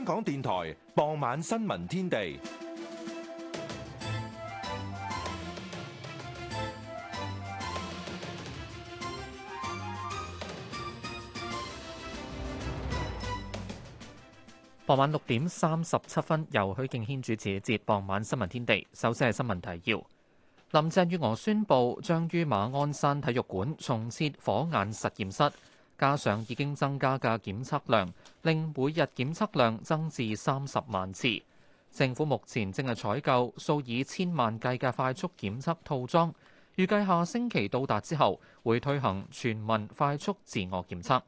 香港電台傍晚新聞天地。傍晚六點三十七分，由許敬軒主持，接傍晚新聞天地。首先係新聞提要：林鄭月娥宣布將於馬鞍山體育館重設火眼實驗室。加上已經增加嘅檢測量，令每日檢測量增至三十萬次。政府目前正係採購數以千萬計嘅快速檢測套裝，預計下星期到達之後，會推行全民快速自我檢測。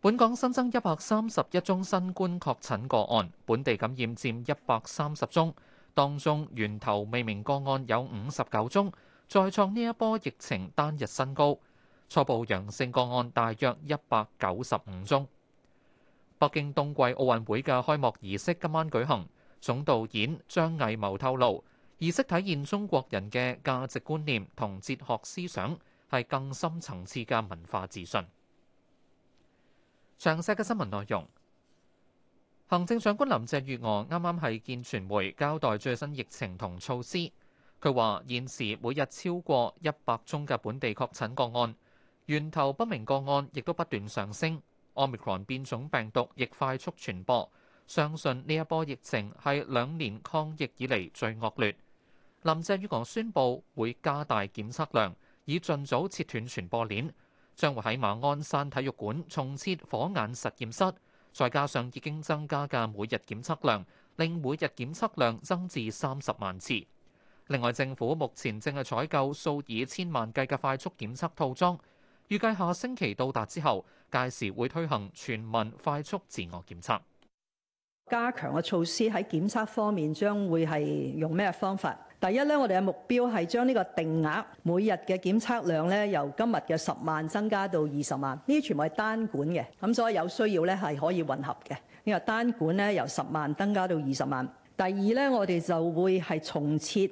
本港新增一百三十一宗新冠確診個案，本地感染佔一百三十宗，當中源頭未明個案有五十九宗，再創呢一波疫情單日新高。初步陽性個案大約一百九十五宗。北京冬季奧運會嘅開幕儀式今晚舉行，總導演張藝謀透露，儀式體現中國人嘅價值觀念同哲學思想，係更深層次嘅文化自信。詳細嘅新聞內容，行政長官林鄭月娥啱啱喺見傳媒交代最新疫情同措施，佢話現時每日超過一百宗嘅本地確診個案。源頭不明個案亦都不斷上升，奧密克戎變種病毒亦快速傳播。相信呢一波疫情係兩年抗疫以嚟最惡劣。林鄭月娥宣布會加大檢測量，以盡早切斷傳播鏈。將會喺馬鞍山體育館重設火眼實驗室，再加上已經增加嘅每日檢測量，令每日檢測量增至三十萬次。另外，政府目前正係採購數以千萬計嘅快速檢測套裝。預計下星期到達之後，屆時會推行全民快速自我檢測。加強嘅措施喺檢測方面，將會係用咩方法？第一咧，我哋嘅目標係將呢個定額每日嘅檢測量咧，由今日嘅十萬增加到二十萬。呢啲全部係單管嘅，咁所以有需要咧係可以混合嘅。呢個單管咧由十萬增加到二十萬。第二咧，我哋就會係重設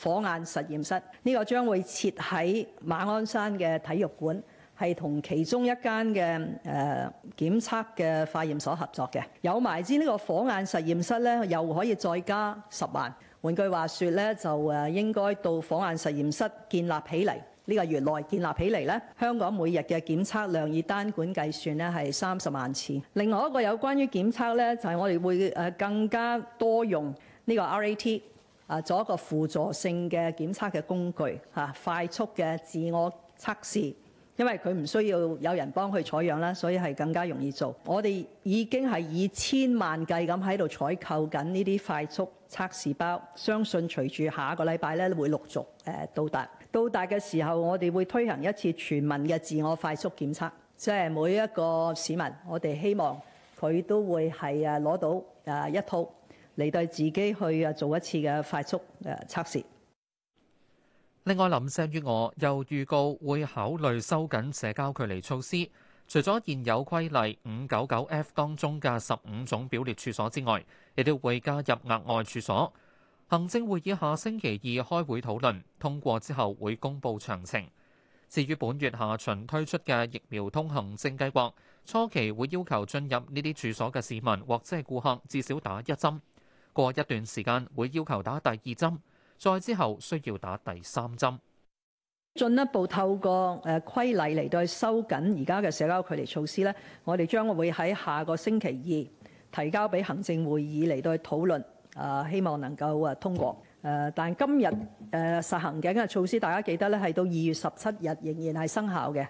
火眼實驗室，呢個將會設喺馬鞍山嘅體育館。係同其中一間嘅誒檢測嘅化驗所合作嘅，有埋支呢個火眼實驗室咧，又可以再加十萬。換句話說咧，就誒應該到火眼實驗室建立起嚟呢個月內建立起嚟咧，香港每日嘅檢測量以單管計算咧係三十萬次。另外一個有關於檢測咧，就係我哋會誒更加多用呢個 RAT 啊，做一個輔助性嘅檢測嘅工具嚇、啊，快速嘅自我測試。因為佢唔需要有人幫佢採樣啦，所以係更加容易做。我哋已經係以千萬計咁喺度採購緊呢啲快速測試包，相信隨住下一個禮拜咧會陸續誒到達。到達嘅時候，我哋會推行一次全民嘅自我快速檢測，即係每一個市民，我哋希望佢都會係誒攞到誒一套嚟對自己去誒做一次嘅快速誒測試。另外，林鄭月娥又預告會考慮收緊社交距離措施，除咗現有規例五九九 F 當中嘅十五種表列處所之外，亦都會加入額外處所。行政會議下星期二開會討論，通過之後會公布詳情。至於本月下旬推出嘅疫苗通行證計劃，初期會要求進入呢啲處所嘅市民或者係顧客至少打一針，過一段時間會要求打第二針。再之後需要打第三針，進一步透過誒規例嚟到收緊而家嘅社交距離措施呢，我哋將會喺下個星期二提交俾行政會議嚟到去討論，希望能夠啊通過。誒，但今日誒實行嘅嗰個措施，大家記得咧，係到二月十七日仍然係生效嘅。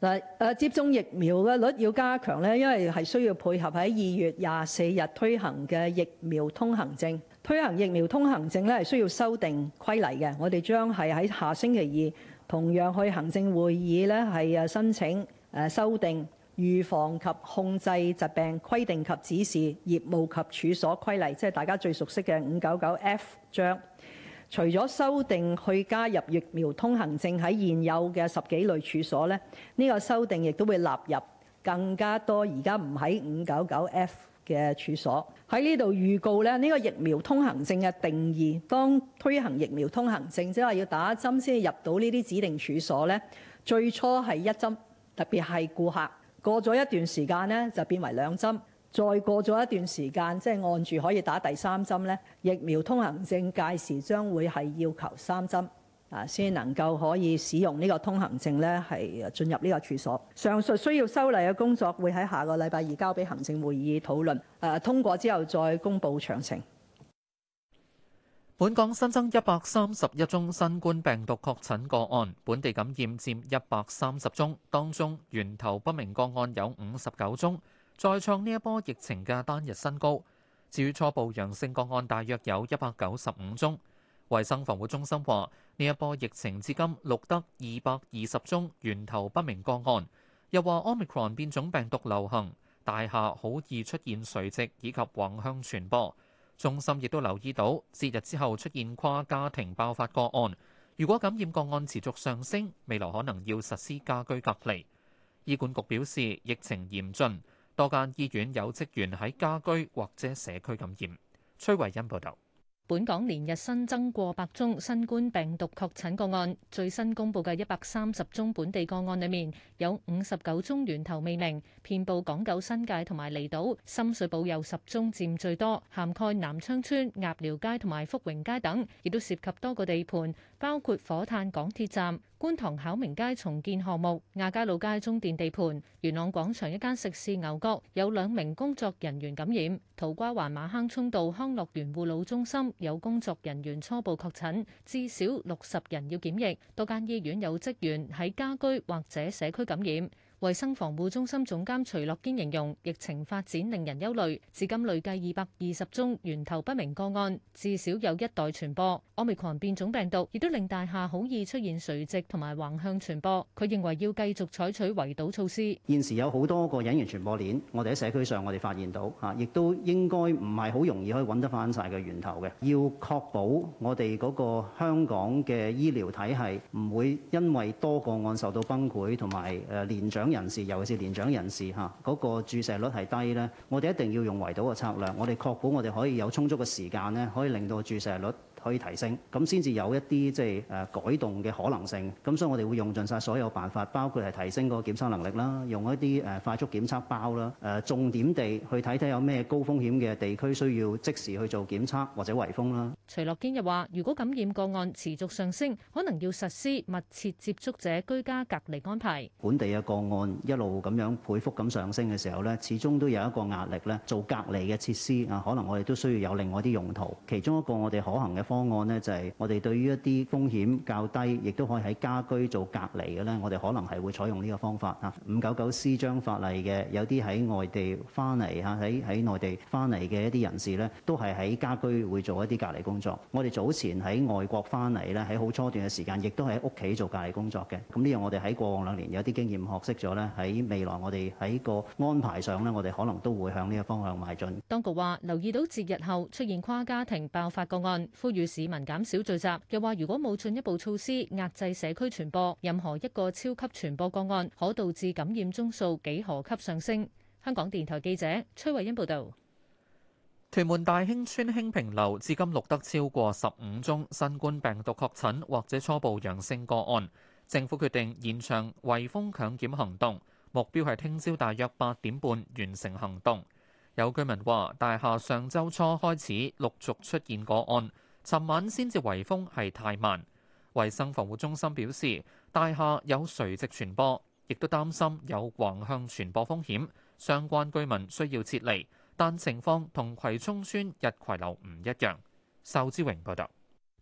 嗱，誒接種疫苗嘅率要加強咧，因為係需要配合喺二月廿四日推行嘅疫苗通行證。推行疫苗通行證咧，係需要修訂規例嘅。我哋將係喺下星期二，同樣去行政會議咧，係誒申請誒修訂預防及控制疾病規定及指示業務及處所規例，即係大家最熟悉嘅五九九 F 章。除咗修訂去加入疫苗通行證喺現有嘅十幾類處所咧，呢個修訂亦都會納入更加多而家唔喺五九九 F 嘅處所喺呢度預告咧，呢個疫苗通行證嘅定義，當推行疫苗通行證，即係話要打針先入到呢啲指定處所呢，最初係一針，特別係顧客，過咗一段時間呢，就變為兩針，再過咗一段時間，即係按住可以打第三針呢，疫苗通行證屆時將會係要求三針。啊，先能夠可以使用呢個通行證呢，係進入呢個處所。上述需要修例嘅工作會喺下個禮拜二交俾行政會議討論。誒、啊、通過之後再公布詳情。本港新增一百三十一宗新冠病毒確診個案，本地感染佔一百三十宗，當中源頭不明個案有五十九宗，再創呢一波疫情嘅單日新高。至於初步陽性個案，大約有一百九十五宗。衞生防護中心話。呢一波疫情至今錄得二百二十宗源頭不明個案，又話 omicron 變種病毒流行，大廈好易出現垂直以及橫向傳播。中心亦都留意到節日之後出現跨家庭爆發個案。如果感染個案持續上升，未來可能要實施家居隔離。醫管局表示疫情嚴峻，多間醫院有職員喺家居或者社區感染。崔慧欣報道。本港連日新增過百宗新冠病毒確診個案，最新公布嘅一百三十宗本地個案裏面，有五十九宗源頭未明，遍佈港九新界同埋離島，深水埗有十宗佔最多，涵蓋南昌村、鴨寮街同埋福榮街等，亦都涉及多個地盤。包括火炭港鐵站、觀塘巧明街重建項目、亞皆老街中電地盤、元朗廣場一間食肆牛角有兩名工作人員感染，土瓜灣馬坑涌道康樂園護老中心有工作人員初步確診，至少六十人要檢疫，多間醫院有職員喺家居或者社區感染。衛生防護中心總監徐樂堅形容疫情發展令人憂慮，至今累計二百二十宗源頭不明個案，至少有一代傳播。Omicron 變種病毒亦都令大廈好易出現垂直同埋橫向傳播。佢認為要繼續採取圍堵措施。現時有好多個隱形傳播鏈，我哋喺社區上我哋發現到，啊，亦都應該唔係好容易可以揾得翻晒個源頭嘅。要確保我哋嗰個香港嘅醫療體系唔會因為多個案受到崩潰，同埋誒年長人人士，尤其是年長人士吓，嗰個注射率係低咧，我哋一定要用圍堵嘅策略，我哋確保我哋可以有充足嘅時間咧，可以令到注射率，可以提升，咁先至有一啲即係誒改動嘅可能性。咁所以我哋會用盡曬所有辦法，包括係提升嗰個檢測能力啦，用一啲誒快速檢測包啦，誒重點地去睇睇有咩高風險嘅地區需要即時去做檢測或者圍封啦。徐樂堅又話：如果感染個案持續上升，可能要實施密切接觸者居家隔離安排。本地嘅個案一路咁樣倍幅咁上升嘅時候咧，始終都有一個壓力咧，做隔離嘅設施啊，可能我哋都需要有另外一啲用途。其中一個我哋可行嘅方方案呢就係我哋對於一啲風險較低，亦都可以喺家居做隔離嘅咧，我哋可能係會採用呢個方法吓。五九九 C 章法例嘅有啲喺外地翻嚟，吓，喺喺內地翻嚟嘅一啲人士咧，都係喺家居會做一啲隔離工作。我哋早前喺外國翻嚟咧，喺好初段嘅時間亦都係喺屋企做隔離工作嘅。咁呢樣我哋喺過往兩年有啲經驗學識咗咧，喺未來我哋喺個安排上咧，我哋可能都會向呢個方向邁進。當局話留意到節日後出現跨家庭爆發個案，呼籲。市民減少聚集，又話如果冇進一步措施壓制社區傳播，任何一個超級傳播個案可導致感染宗數幾何級上升。香港電台記者崔慧欣報道，屯門大興村興平樓至今錄得超過十五宗新冠病毒確診或者初步陽性個案。政府決定延長圍封強檢行動，目標係聽朝大約八點半完成行動。有居民話，大廈上週初開始陸續出現個案。尋晚先至圍封係太慢，衛生防護中心表示大廈有垂直傳播，亦都擔心有橫向傳播風險，相關居民需要撤離，但情況同葵涌村逸葵樓唔一樣。仇之榮報導。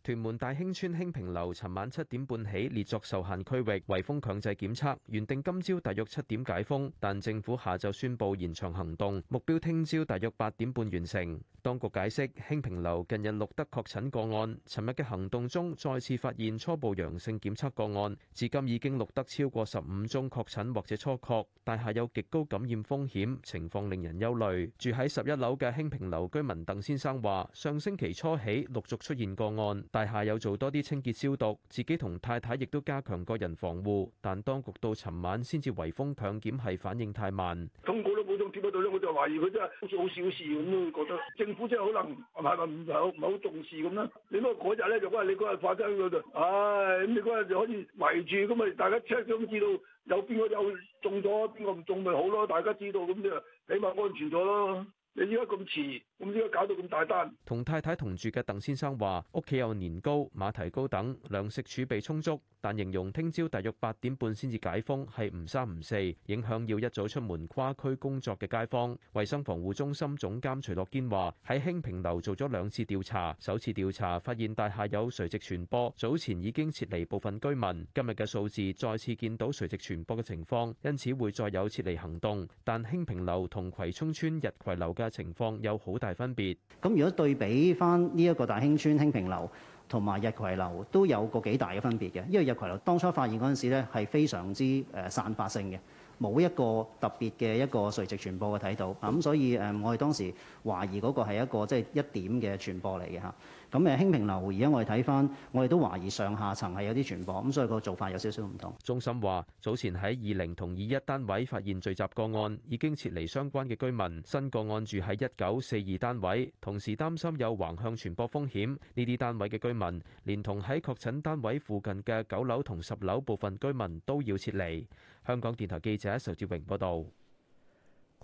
屯門大興村興平樓，尋晚七點半起列作受限區域，圍封強制檢測。原定今朝大約七點解封，但政府下晝宣佈延長行動，目標聽朝大約八點半完成。當局解釋，興平樓近日錄得確診個案，尋日嘅行動中再次發現初步陽性檢測個案，至今已經錄得超過十五宗確診或者初確，大廈有極高感染風險，情況令人憂慮。住喺十一樓嘅興平樓居民鄧先生話，上星期初起陸續出現個案。大廈有做多啲清潔消毒，自己同太太亦都加強個人防護。但當局到尋晚先至圍封強檢，係反應太慢。通告都冇張貼喺度咧，我就懷疑佢真係好似好小事咁咯。我覺得政府真係可能唔係好唔係好重視咁啦。你嗰日咧就話你嗰日發生喺度，唉、哎、咁你嗰日就可以圍住，咁咪大家 check 知道有邊個有中咗，邊個唔中咪好咯，大家知道咁就起碼安全咗咯。你依家咁遲，咁依家搞到咁大單。同太太同住嘅鄧先生話：屋企有年糕、馬蹄糕等糧食儲備充足，但形容聽朝大約八點半先至解封係唔三唔四，影響要一早出門跨區工作嘅街坊。衞生防護中心總監徐樂堅話：喺興平樓做咗兩次調查，首次調查發現大廈有垂直傳播，早前已經撤離部分居民。今日嘅數字再次見到垂直傳播嘅情況，因此會再有撤離行動。但興平樓同葵涌村日葵樓嘅情況有好大分別。咁 如果對比翻呢一個大興村興平樓同埋日葵樓，都有個幾大嘅分別嘅。因為日葵樓當初發現嗰陣時咧，係非常之誒散發性嘅，冇一個特別嘅一個垂直傳播嘅睇到。咁所以誒，我哋當時懷疑嗰個係一個即係一點嘅傳播嚟嘅嚇。咁誒興平樓，而家我哋睇返，我哋都懷疑上下層係有啲傳播，咁所以個做法有少少唔同。中心話，早前喺二零同二一單位發現聚集個案，已經撤離相關嘅居民。新個案住喺一九四二單位，同時擔心有橫向傳播風險，呢啲單位嘅居民連同喺確診單位附近嘅九樓同十樓部分居民都要撤離。香港電台記者仇志榮報道。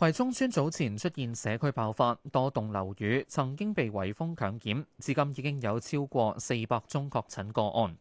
葵涌村早前出現社區爆發，多棟樓宇曾經被圍封強檢，至今已經有超過四百宗確診個案。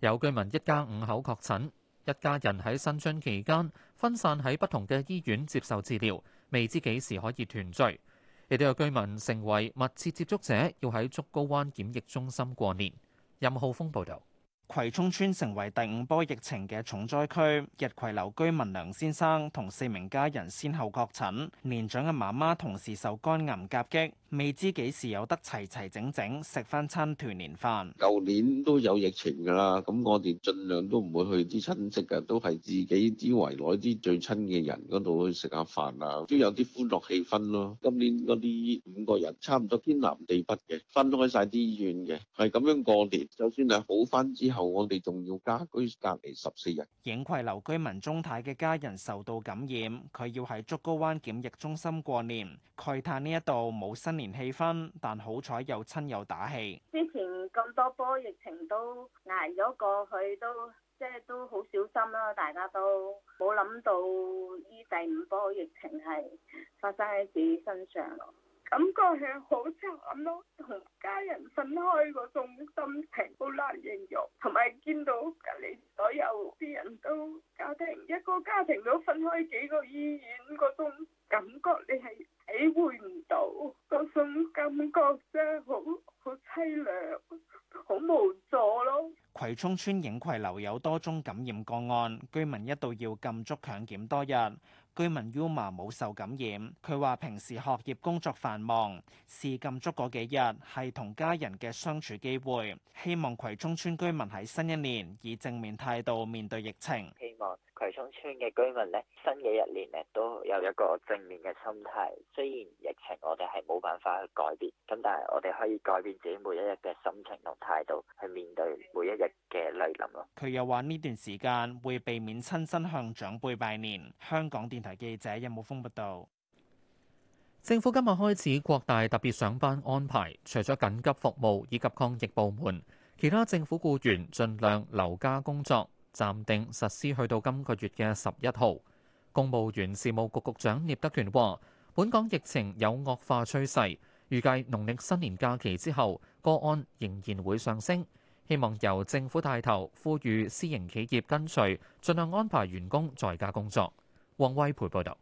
有居民一家五口確診，一家人喺新春期間分散喺不同嘅醫院接受治療，未知幾時可以團聚。亦都有居民成為密切接觸者，要喺竹篙灣檢疫中心過年。任浩峰報導。葵涌村成為第五波疫情嘅重災區，日葵樓居民梁先生同四名家人先後確診，年長嘅媽媽同時受肝癌夾擊，未知幾時有得齊齊整整食翻餐團年飯。舊年都有疫情㗎啦，咁我哋盡量都唔會去啲親戚嘅，都係自己啲圍內啲最親嘅人嗰度去食下飯啊，都有啲歡樂氣氛咯。今年嗰啲五個人差唔多天南地北嘅，分開晒啲醫院嘅，係咁樣過年。就算係好翻之後。後我哋仲要家居隔離十四日。影葵樓居民鍾太嘅家人受到感染，佢要喺竹篙灣檢疫中心過年，慨嘆呢一度冇新年氣氛，但好彩有親友打氣。之前咁多波疫情都捱咗過去，都即係都好小心啦。大家都冇諗到呢第五波疫情係發生喺自己身上咯。感覺係好慘咯，同家人分開嗰種心情好難形容，同埋見到隔離所有啲人都家庭一個家庭都分開幾個醫院嗰種感覺，你係體會唔到嗰種感覺，真係好好淒涼，好無助咯。葵涌村影葵樓有多宗感染個案，居民一度要禁足強檢多日。居民 uma 冇受感染，佢話平時學業工作繁忙，試禁足嗰幾日係同家人嘅相處機會，希望葵涌村居民喺新一年以正面態度面對疫情。希望。葵涌村嘅居民咧，新嘅一年咧，都有一個正面嘅心態，雖然疫情我哋係冇辦法去改變，咁但係我哋可以改變自己每一日嘅心情同態度，去面對每一日嘅嚟臨咯。佢又話呢段時間會避免親身向長輩拜年。香港電台記者任武峯報道。政府今日開始擴大特別上班安排，除咗緊急服務以及抗疫部門，其他政府僱員盡量留家工作。暫定實施去到今個月嘅十一號。公務員事務局局長聶德權話：本港疫情有惡化趨勢，預計農曆新年假期之後，個案仍然會上升。希望由政府帶頭，呼籲私營企業跟隨，盡量安排員工在家工作。王威培報導。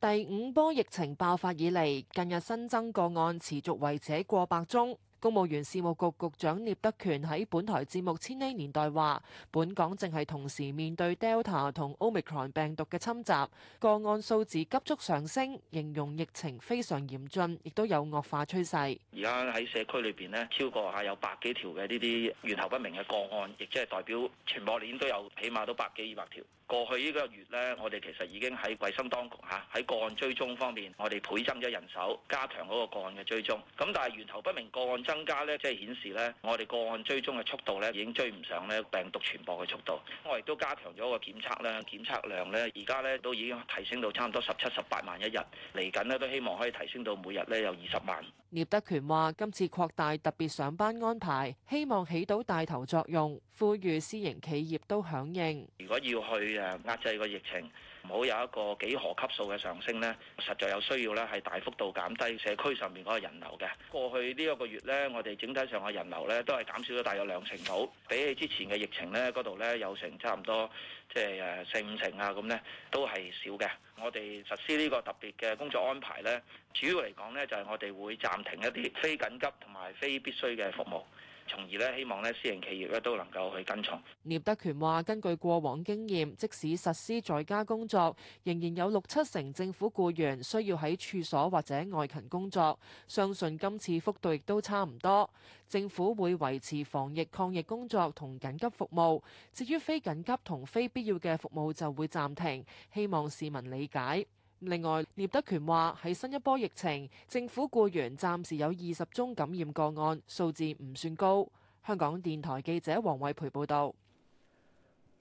第五波疫情爆發以嚟，近日新增個案持續維持過百宗。公務員事務局局長聶德權喺本台節目《千禧年代》話：本港正係同時面對 Delta 同 Omicron 病毒嘅侵襲，個案數字急速上升，形容疫情非常嚴峻，亦都有惡化趨勢。而家喺社區裏邊呢，超過啊有百幾條嘅呢啲源頭不明嘅個案，亦即係代表全部鏈，都有起碼都百幾二百條。過去呢個月呢，我哋其實已經喺衞生當局嚇喺個案追蹤方面，我哋倍增咗人手，加強嗰個個案嘅追蹤。咁但係源頭不明個案增加呢，即係顯示呢，我哋個案追蹤嘅速度呢，已經追唔上呢病毒傳播嘅速度。我亦都加強咗個檢測呢，檢測量呢而家呢，都已經提升到差唔多十七、十八萬一日，嚟緊呢，都希望可以提升到每日呢，有二十萬。聶德權話：今次擴大特別上班安排，希望起到帶頭作用，呼籲私營企業都響應。如果要去誒壓制個疫情。唔好有一個幾何級數嘅上升呢，實在有需要呢，係大幅度減低社區上面嗰個人流嘅。過去呢一個月呢，我哋整體上嘅人流呢都係減少咗大約兩成度，比起之前嘅疫情呢，嗰度呢有成差唔多即係誒四五成啊咁呢，都係少嘅。我哋實施呢個特別嘅工作安排呢，主要嚟講呢就係我哋會暫停一啲非緊急同埋非必須嘅服務。從而咧，希望咧，私營企業咧都能夠去跟從。聶德權話，根據過往經驗，即使實施在家工作，仍然有六七成政府僱員需要喺處所或者外勤工作。相信今次幅度亦都差唔多。政府會維持防疫抗疫工作同緊急服務，至於非緊急同非必要嘅服務就會暫停。希望市民理解。另外，聶德權話：喺新一波疫情，政府雇員暫時有二十宗感染個案，數字唔算高。香港電台記者黃惠培報導。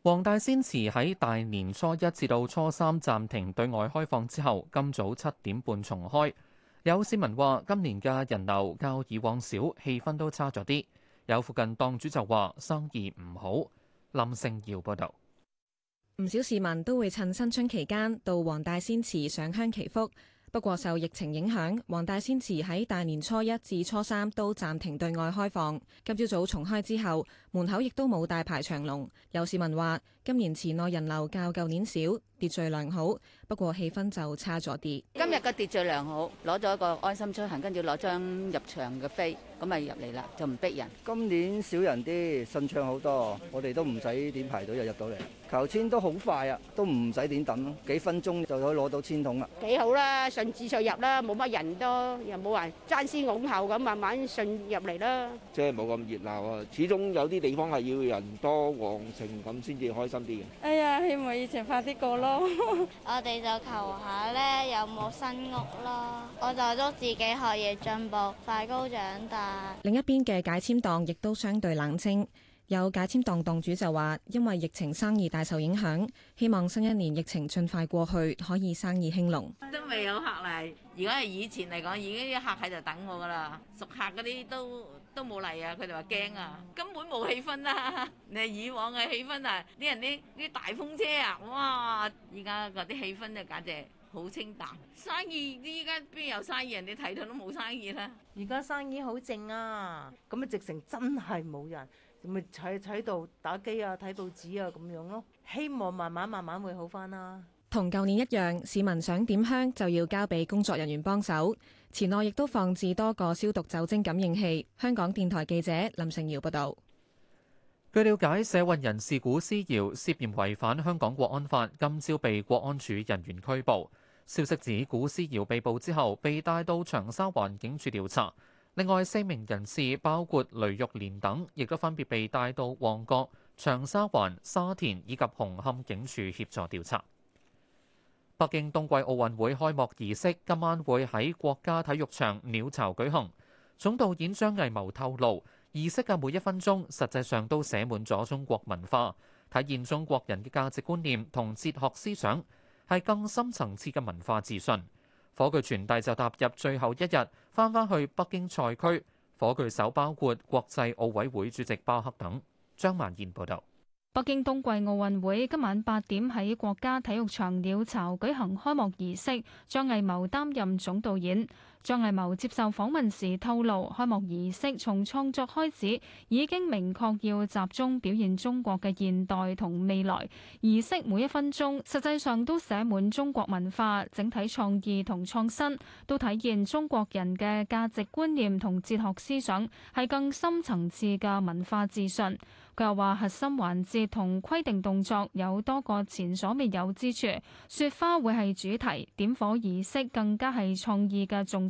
黃大仙祠喺大年初一至到初三暫停對外開放之後，今早七點半重開。有市民話：今年嘅人流較以往少，氣氛都差咗啲。有附近檔主就話生意唔好。林盛耀報導。唔少市民都會趁新春期間到黃大仙祠上香祈福，不過受疫情影響，黃大仙祠喺大年初一至初三都暫停對外開放。今朝早重開之後，門口亦都冇大排長龍，有市民話：今年祠內人流較舊年少，秩序良好，不過氣氛就差咗啲。今日嘅秩序良好，攞咗一個安心出行，跟住攞張入場嘅飛，咁咪入嚟啦，就唔逼人。今年少人啲，順暢好多，我哋都唔使點排隊就入到嚟。求簽都好快啊，都唔使點等，幾分鐘就可以攞到簽筒啦。幾好啦，順秩序入啦，冇乜人多，又冇話爭先恐後咁慢慢順入嚟啦。即係冇咁熱鬧啊，始終有啲。地方係要人多旺盛咁先至開心啲嘅。哎呀，希望疫情快啲過咯！我哋就求下咧有冇新屋咯。我就祝自己學業進步，快高長大。另一邊嘅解簽檔亦都相對冷清，有解簽檔檔主就話：因為疫情生意大受影響，希望新一年疫情盡快過去，可以生意興隆。都未有客嚟，如果係以前嚟講，已經啲客喺度等我㗎啦，熟客嗰啲都。都冇嚟啊！佢哋話驚啊，根本冇氣氛啦。你以往嘅氣氛啊，啲、啊、人啲啲大風車啊，哇！依家嗰啲氣氛啊，簡直好清淡。生意啲依家邊有生意？人哋睇到都冇生意啦、啊。而家生意好靜啊，咁啊直情真係冇人，咪喺喺度打機啊、睇報紙啊咁樣咯。希望慢慢慢慢會好返啦、啊。同舊年一樣，市民想點香就要交俾工作人員幫手。前內亦都放置多個消毒酒精感應器。香港電台記者林成耀報道。據了解，社運人士古思堯涉嫌違反香港國安法，今朝被國安處人員拘捕。消息指，古思堯被捕之後，被帶到長沙灣警署調查。另外四名人士，包括雷玉蓮等，亦都分別被帶到旺角、長沙灣、沙田以及紅磡警署協助調查。北京冬季奧運會開幕儀式今晚會喺國家體育場鳥巢舉行，總導演張藝謀透露，儀式嘅每一分鐘實際上都寫滿咗中國文化，體現中國人嘅價值觀念同哲學思想，係更深層次嘅文化自信。火炬傳遞就踏入最後一日，翻返去北京賽區，火炬手包括國際奧委會主席巴克等。張曼燕報道。北京冬季奧運會今晚八點喺國家體育場鳥巢舉行開幕儀式，張藝謀擔任總導演。張藝謀接受訪問時透露，開幕儀式從創作開始已經明確要集中表現中國嘅現代同未來。儀式每一分鐘，實際上都寫滿中國文化整體創意同創新，都體現中國人嘅價值觀念同哲學思想，係更深層次嘅文化自信。佢又話核心環節同規定動作有多個前所未有之處，雪花會係主題，點火儀式更加係創意嘅重。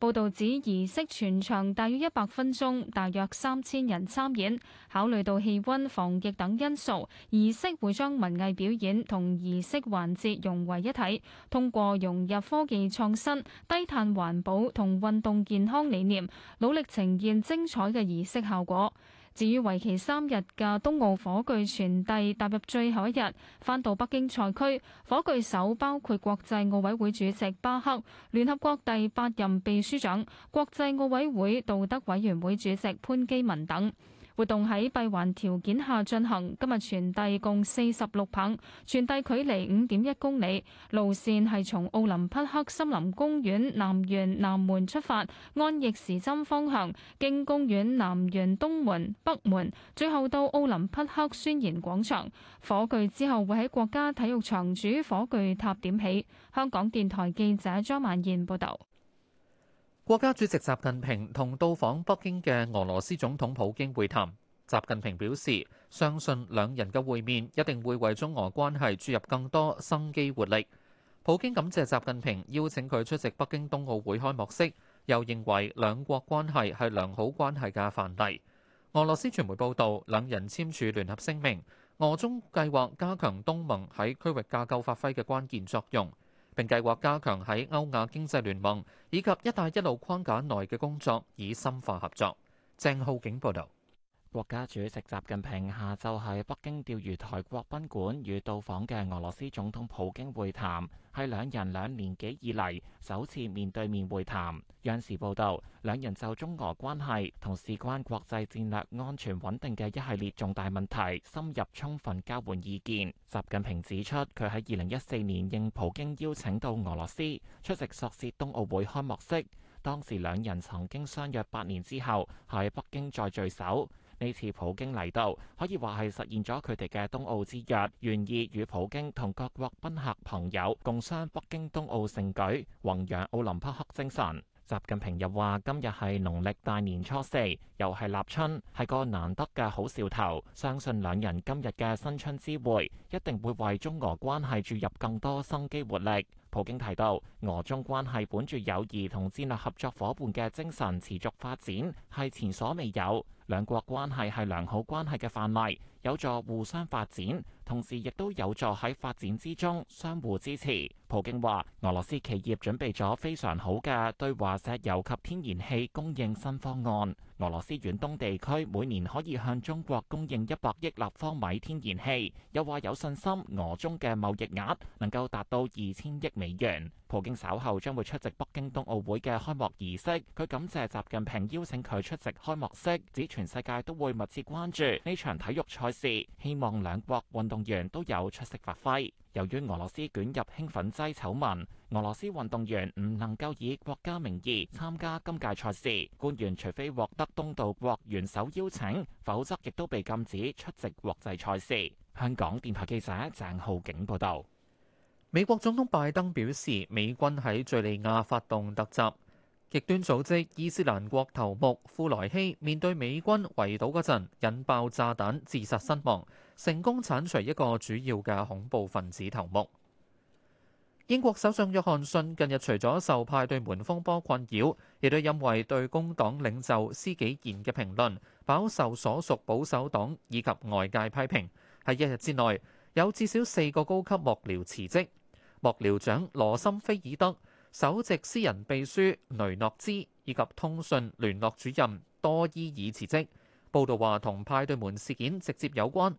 報道指儀式全場大約一百分鐘，大約三千人參演。考慮到氣温、防疫等因素，儀式會將文藝表演同儀式環節融為一體，通過融入科技創新、低碳環保同運動健康理念，努力呈現精彩嘅儀式效果。至於為期三日嘅冬奧火炬傳遞踏入最後一日，返到北京賽區，火炬手包括國際奧委會主席巴克、聯合國第八任秘書長、國際奧委會道德委員會主席潘基文等。活動喺閉環條件下進行，今日傳遞共四十六棒，傳遞距離五點一公里，路線係從奧林匹克森林公園南園南門出發，按逆時針方向，經公園南園東門、北門，最後到奧林匹克宣言廣場。火炬之後會喺國家體育場主火炬塔點起。香港電台記者張萬賢報導。國家主席習近平同到訪北京嘅俄羅斯總統普京會談。習近平表示，相信兩人嘅會面一定會為中俄關係注入更多生機活力。普京感謝習近平邀請佢出席北京冬奧會開幕式，又認為兩國關係係良好關係嘅範例。俄羅斯傳媒報導，兩人簽署聯合聲明，俄中計劃加強東盟喺區域架構發揮嘅關鍵作用。並計劃加強喺歐亞經濟聯盟以及「一帶一路」框架內嘅工作，以深化合作。鄭浩景報道。國家主席習近平下晝喺北京釣魚台國賓館與到訪嘅俄羅斯總統普京會談，係兩人兩年幾以嚟首次面對面會談。央視報導，兩人就中俄關係同事關國際戰略安全穩定嘅一系列重大問題深入充分交換意見。習近平指出，佢喺二零一四年應普京邀請到俄羅斯出席索契冬奧會開幕式，當時兩人曾經相約八年之後喺北京再聚首。呢次普京嚟到，可以話，係實現咗佢哋嘅冬奧之約，願意與普京同各國賓客朋友共襄北京冬奧盛舉，弘揚奧林匹克精神。習近平又話今日係農曆大年初四，又係立春，係個難得嘅好兆頭，相信兩人今日嘅新春之會一定會為中俄關係注入更多生機活力。普京提到，俄中關係本著友誼同戰略合作夥伴嘅精神持續發展，係前所未有。兩國關係係良好關係嘅範例，有助互相發展。同時亦都有助喺發展之中相互支持。普京話：俄羅斯企業準備咗非常好嘅對華石油及天然氣供應新方案。俄羅斯遠東地區每年可以向中國供應一百億立方米天然氣。又話有信心俄中嘅貿易額能夠達到二千億美元。普京稍後將會出席北京冬奧會嘅開幕儀式。佢感謝習近平邀請佢出席開幕式，指全世界都會密切關注呢場體育賽事，希望兩國運動員都有出色發揮。由於俄羅斯捲入興奮劑醜聞，俄羅斯運動員唔能夠以國家名義參加今屆賽事。官員除非獲得東道國元首邀請，否則亦都被禁止出席國際賽事。香港電台記者鄭浩景報道。美國總統拜登表示，美軍喺敘利亞發動突襲，極端組織伊斯蘭國頭目庫萊希面對美軍圍堵嗰陣，引爆炸彈自殺身亡。成功鏟除一個主要嘅恐怖分子頭目。英國首相約翰遜近日除咗受派對門風波困擾，亦都因為對工黨領袖施紀賢嘅評論，飽受所屬保守黨以及外界批評。喺一日之內，有至少四個高級幕僚辭職，幕僚長羅森菲爾德、首席私人秘書雷諾茲以及通訊聯絡主任多伊爾辭職。報道話，同派對門事件直接有關。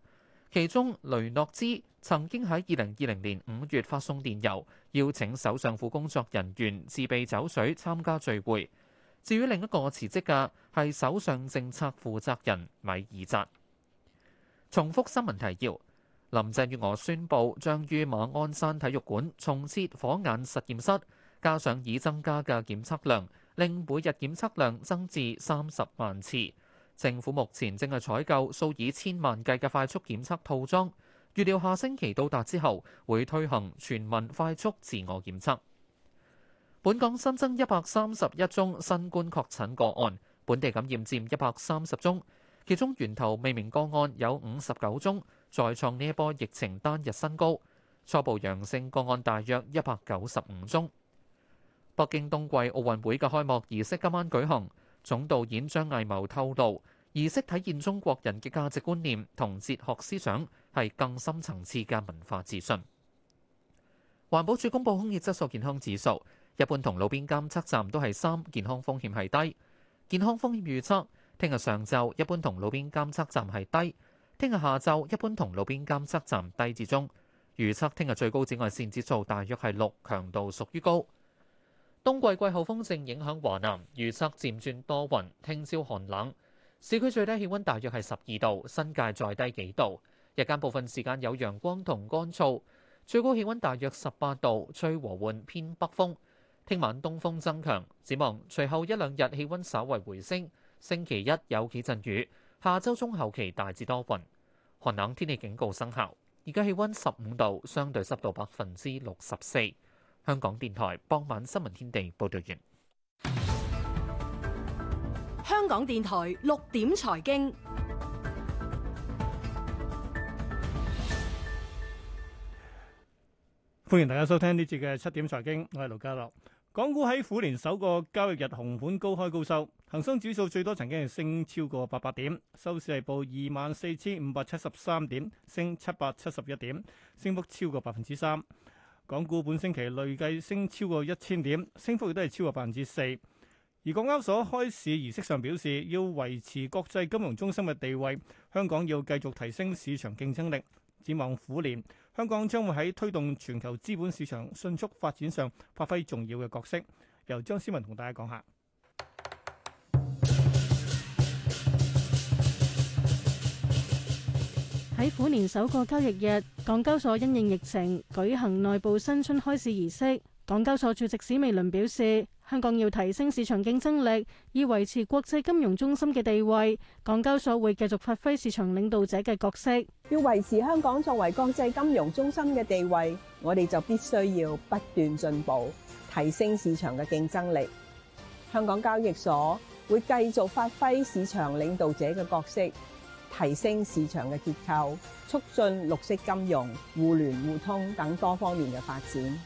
其中雷諾茲曾經喺二零二零年五月發送電郵，邀請首相府工作人員自備酒水參加聚會。至於另一個辭職嘅係首相政策負責人米爾扎。重複新聞提要：林鄭月娥宣布將於馬鞍山體育館重設火眼實驗室，加上已增加嘅檢測量，令每日檢測量增至三十萬次。政府目前正係採購數以千萬計嘅快速檢測套裝，預料下星期到達之後會推行全民快速自我檢測。本港新增一百三十一宗新冠確診個案，本地感染佔一百三十宗，其中源頭未明個案有五十九宗，再創呢一波疫情單日新高。初步陽性個案大約一百九十五宗。北京冬季奧運會嘅開幕儀式今晚舉行。總導演張藝謀透露，儀式體現中國人嘅價值觀念同哲學思想，係更深層次嘅文化自信。環保署公布空氣質素健康指數，一般同路邊監測站都係三，健康風險係低。健康風險預測，聽日上晝一般同路邊監測站係低，聽日下晝一般同路邊監測站低至中。預測聽日最高紫外線指數大約係六，強度屬於高。冬季季候風正影響華南，預測漸轉多雲，聽朝寒冷。市區最低氣温大約係十二度，新界再低幾度。日間部分時間有陽光同乾燥，最高氣温大約十八度，吹和緩偏北風。聽晚東風增強，展望隨後一兩日氣温稍為回升。星期一有幾陣雨，下周中後期大致多雲。寒冷天氣警告生效。而家氣温十五度，相對濕度百分之六十四。香港電台傍晚新聞天地報道完。香港電台六點財經，歡迎大家收聽呢節嘅七點財經，我係盧家樂。港股喺虎年首個交易日紅盤高開高收，恒生指數最多曾經係升超過八百點，收市係報二萬四千五百七十三點，升七百七十一點，升幅超過百分之三。港股本星期累計升超過一千點，升幅亦都係超過百分之四。而港交所開市儀式上表示，要維持國際金融中心嘅地位，香港要繼續提升市場競爭力。展望虎年，香港將會喺推動全球資本市場迅速發展上發揮重要嘅角色。由張思文同大家講下。喺虎年首個交易日，港交所因應疫情舉行內部新春開市儀式。港交所主席史美倫表示，香港要提升市場競爭力，以維持國際金融中心嘅地位。港交所會繼續發揮市場領導者嘅角色。要維持香港作為國際金融中心嘅地位，我哋就必須要不斷進步，提升市場嘅競爭力。香港交易所會繼續發揮市場領導者嘅角色。提升市場嘅結構，促進綠色金融、互聯互通等多方面嘅發展。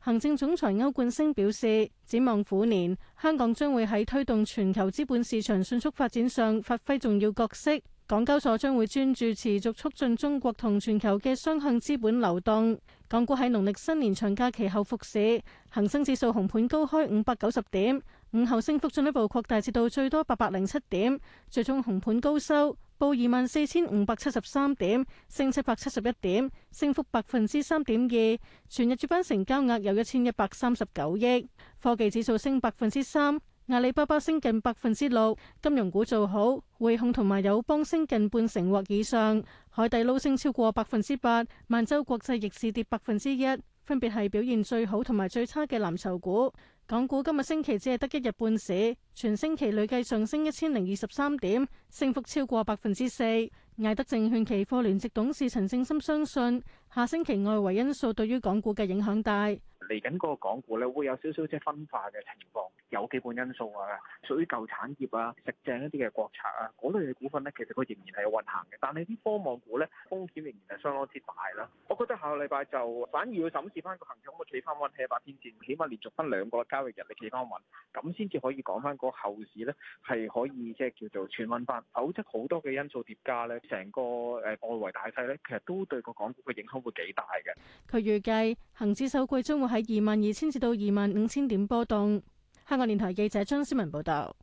行政總裁歐冠昇表示，展望虎年，香港將會喺推動全球資本市場迅速發展上發揮重要角色。港交所將會專注持續促進中國同全球嘅雙向資本流動。港股喺農曆新年長假期後復市，恒生指數紅盤高開五百九十點，午後升幅進一步擴大至到最多八百零七點，最終紅盤高收。報二萬四千五百七十三點，升七百七十一點，升幅百分之三點二。全日主板成交額有一千一百三十九億。科技指數升百分之三，阿里巴巴升近百分之六。金融股做好，匯控同埋友邦升近半成或以上。海底撈升超過百分之八，萬洲國際逆市跌百分之一，分別係表現最好同埋最差嘅藍籌股。港股今日星期只係得一日半市，全星期累計上升一千零二十三點，升幅超過百分之四。艾德證券期貨聯席董事陳正深相信，下星期外圍因素對於港股嘅影響大，嚟緊個港股咧會有少少即係分化嘅情況。有基本因素啊，屬於舊產業啊，食正一啲嘅國策啊，嗰類嘅股份咧，其實佢仍然係有運行嘅。但係啲科網股咧風險仍然係相當之大啦。我覺得下個禮拜就反而要審視翻個恆指可唔可以企翻穩喺百天線。起碼連續分兩個交易日，你企翻穩咁先至可以講翻個後市咧係可以即係叫做串温翻。否則好多嘅因素疊加咧，成個誒外圍大勢咧，其實都對個港股嘅影響會幾大嘅。佢預計恆指首季將會喺二萬二千至到二萬五千點波動。香港電台記者張思文報道，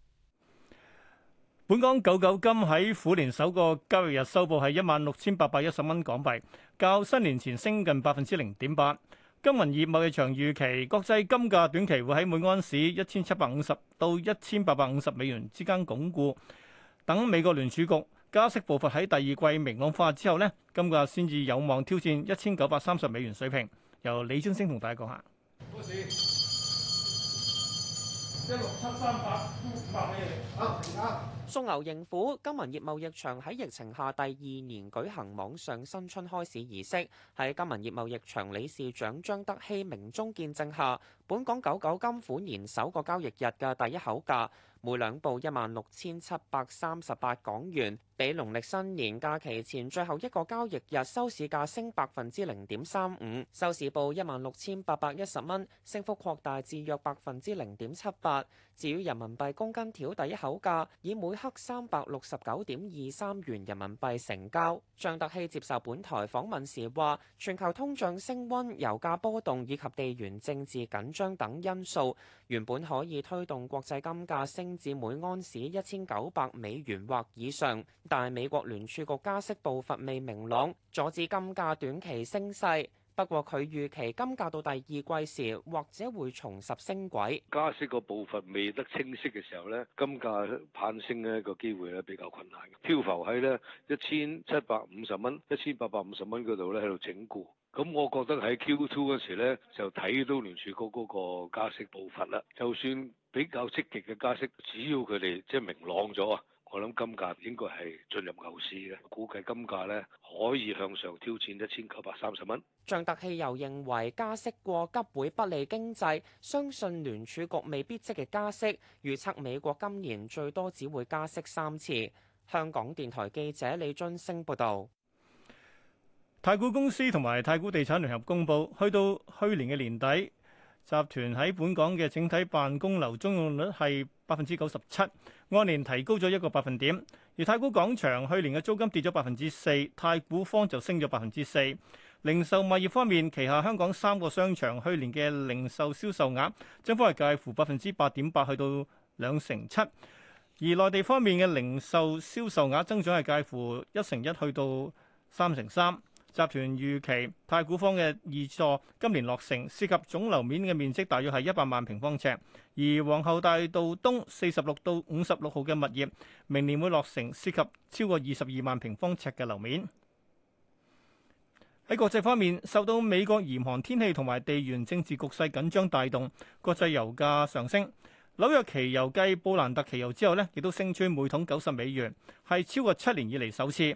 本港九九金喺虎年首個交易日收報係一萬六千八百一十蚊港幣，較新年前升近百分之零點八。金銀業貿易場預期，國際金價短期會喺每安市一千七百五十到一千八百五十美元之間鞏固，等美國聯儲局加息步伐喺第二季明朗化之後呢，金價先至有望挑戰一千九百三十美元水平。由李晶星同大家講下。一六七三八，五百蚊。啊啊！送牛迎虎，金銀業貿易場喺疫情下第二年舉行網上新春開市儀式。喺金銀業貿易場理事長張德熙明中見證下，本港九九金款年首個交易日嘅第一口價，每兩部一萬六千七百三十八港元。比農曆新年假期前最後一個交易日收市價升百分之零點三五，收市報一萬六千八百一十蚊，升幅擴大至約百分之零點七八。至於人民幣公斤條第一口價，以每克三百六十九點二三元人民幣成交。張德熙接受本台訪問時話，全球通脹升溫、油價波動以及地緣政治緊張等因素，原本可以推動國際金價升至每安士一千九百美元或以上。但係美國聯儲局加息步伐未明朗，阻止金價短期升勢。不過佢預期金價到第二季時，或者會重拾升軌。加息個步伐未得清晰嘅時候咧，金價攀升咧個機會咧比較困難嘅。漂浮喺咧一千七百五十蚊、一千八百五十蚊嗰度咧喺度整固。咁我覺得喺 Q2 嗰時咧就睇到聯儲局嗰個加息步伐啦。就算比較積極嘅加息，只要佢哋即係明朗咗啊！我諗金價應該係進入牛市嘅，估計金價呢，可以向上挑戰一千九百三十蚊。橡特汽油認為加息過急會不利經濟，相信聯儲局未必積極加息，預測美國今年最多只會加息三次。香港電台記者李津升報道。太古公司同埋太古地產聯合公布，去到去年嘅年底。集團喺本港嘅整體辦公樓租用率係百分之九十七，按年提高咗一個百分點。而太古廣場去年嘅租金跌咗百分之四，太古坊就升咗百分之四。零售物業方面，旗下香港三個商場去年嘅零售銷售額增幅係介乎百分之八點八，去到兩成七。而內地方面嘅零售銷售額增長係介乎一成一，去到三成三。集團預期太古坊嘅二座今年落成，涉及總樓面嘅面積大約係一百萬平方尺；而皇后大道東四十六到五十六號嘅物業明年會落成，涉及超過二十二萬平方尺嘅樓面。喺國際方面，受到美國嚴寒天氣同埋地緣政治局勢緊張帶動，國際油價上升。紐約期油繼布蘭特期油之後呢，亦都升穿每桶九十美元，係超過七年以嚟首次。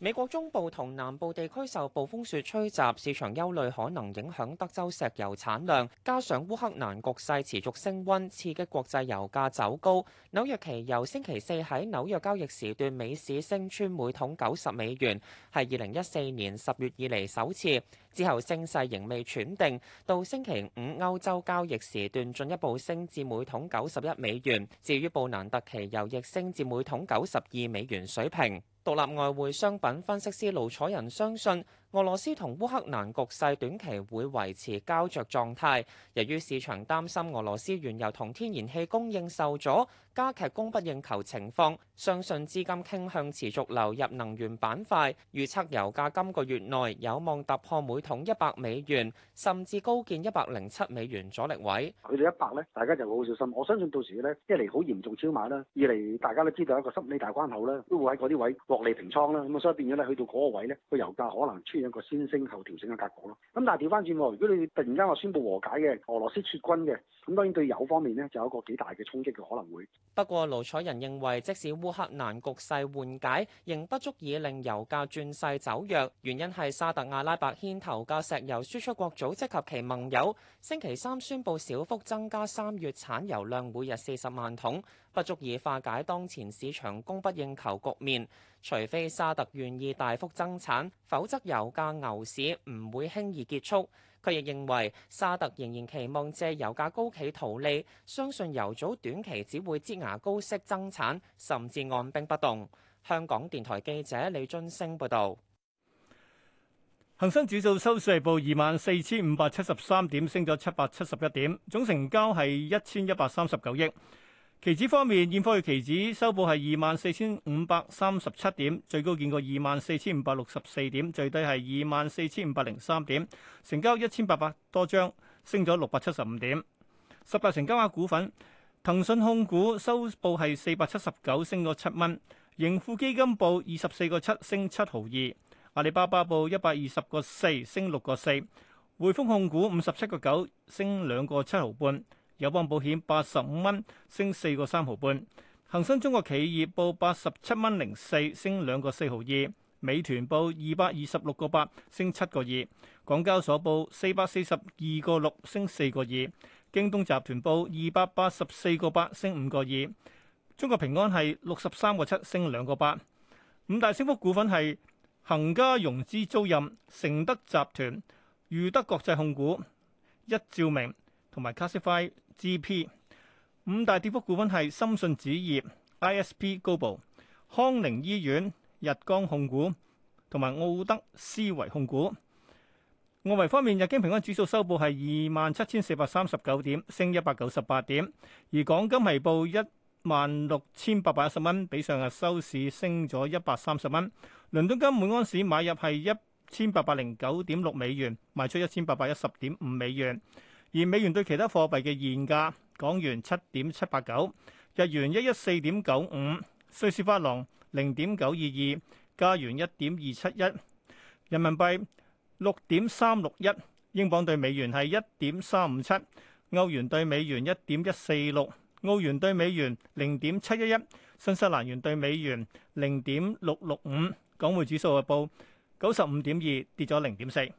美國中部同南部地區受暴風雪吹襲，市場憂慮可能影響德州石油產量，加上烏克蘭局勢持續升溫，刺激國際油價走高。紐約期油星期四喺紐約交易時段，尾市升穿每桶九十美元，係二零一四年十月以嚟首次。之後升勢仍未喘定，到星期五歐洲交易時段進一步升至每桶九十一美元。至於布蘭特期油亦升至每桶九十二美元水平。獨立外匯商品分析師盧楚仁相信。俄羅斯同烏克蘭局勢短期會維持膠着狀態，由於市場擔心俄羅斯原油同天然氣供應受阻，加劇供不應求情況，相信資金傾向持續流入能源板塊。預測油價今個月內有望突破每桶一百美元，甚至高見一百零七美元阻力位。去到一百呢，大家就好小心。我相信到時呢，一嚟好嚴重超買啦，二嚟大家都知道一個心理大關口啦，都會喺嗰啲位獲利平倉啦。咁所以變咗咧，去到嗰個位呢，個油價可能一個先升後調整嘅格局咯，咁但係調翻轉，如果你突然間話宣布和解嘅，俄羅斯撤軍嘅，咁當然對油方面咧，就有一個幾大嘅衝擊嘅可能會。不過盧彩仁認為，即使烏克蘭局勢緩解，仍不足以令油價轉勢走弱，原因係沙特阿拉伯牽頭嘅石油輸出國組織及其盟友，星期三宣布小幅增加三月產油量每日四十萬桶，不足以化解當前市場供不應求局面。除非沙特願意大幅增產，否則油價牛市唔會輕易結束。佢亦認為沙特仍然期望借油價高企圖利，相信油組短期只會擠牙膏式增產，甚至按兵不動。香港電台記者李津升報道：「恒生指數收市報二萬四千五百七十三點，升咗七百七十一點，總成交係一千一百三十九億。期指方面，現貨嘅期指收報係二萬四千五百三十七點，最高見過二萬四千五百六十四點，最低係二萬四千五百零三點，成交一千八百多張，升咗六百七十五點。十大成交額股份，騰訊控股收報係四百七十九，升咗七蚊；盈富基金報二十四個七，升七毫二；阿里巴巴報一百二十個四，升六個四；匯豐控股五十七個九，升兩個七毫半。友邦保險八十五蚊升四個三毫半，恒生中國企業報八十七蚊零四升兩個四毫二，美團報二百二十六個八升七個二，港交所報四百四十二個六升四個二，京東集團報二百八十四個八升五個二，中國平安係六十三個七升兩個八，五大升幅股份係恒嘉融資租賃、成德集團、裕德國際控股、一照明。同埋，classify G P 五大跌幅股份係深信紙業、I S P Global、康寧醫院、日光控股同埋奧德思維控股。外圍方面，日經平均指數收報係二萬七千四百三十九點，升一百九十八點。而港金微報一萬六千八百一十蚊，比上日收市升咗一百三十蚊。倫敦金每安士買入係一千八百零九點六美元，賣出一千八百一十點五美元。而美元對其他貨幣嘅現價，港元七點七八九，日元一一四點九五，瑞士法郎零點九二二，加元一點二七一，人民幣六點三六一，英鎊對美元係一點三五七，歐元對美元一點一四六，澳元對美元零點七一一，新西蘭元對美元零點六六五，港匯指數嘅報九十五點二，2，跌咗零點四。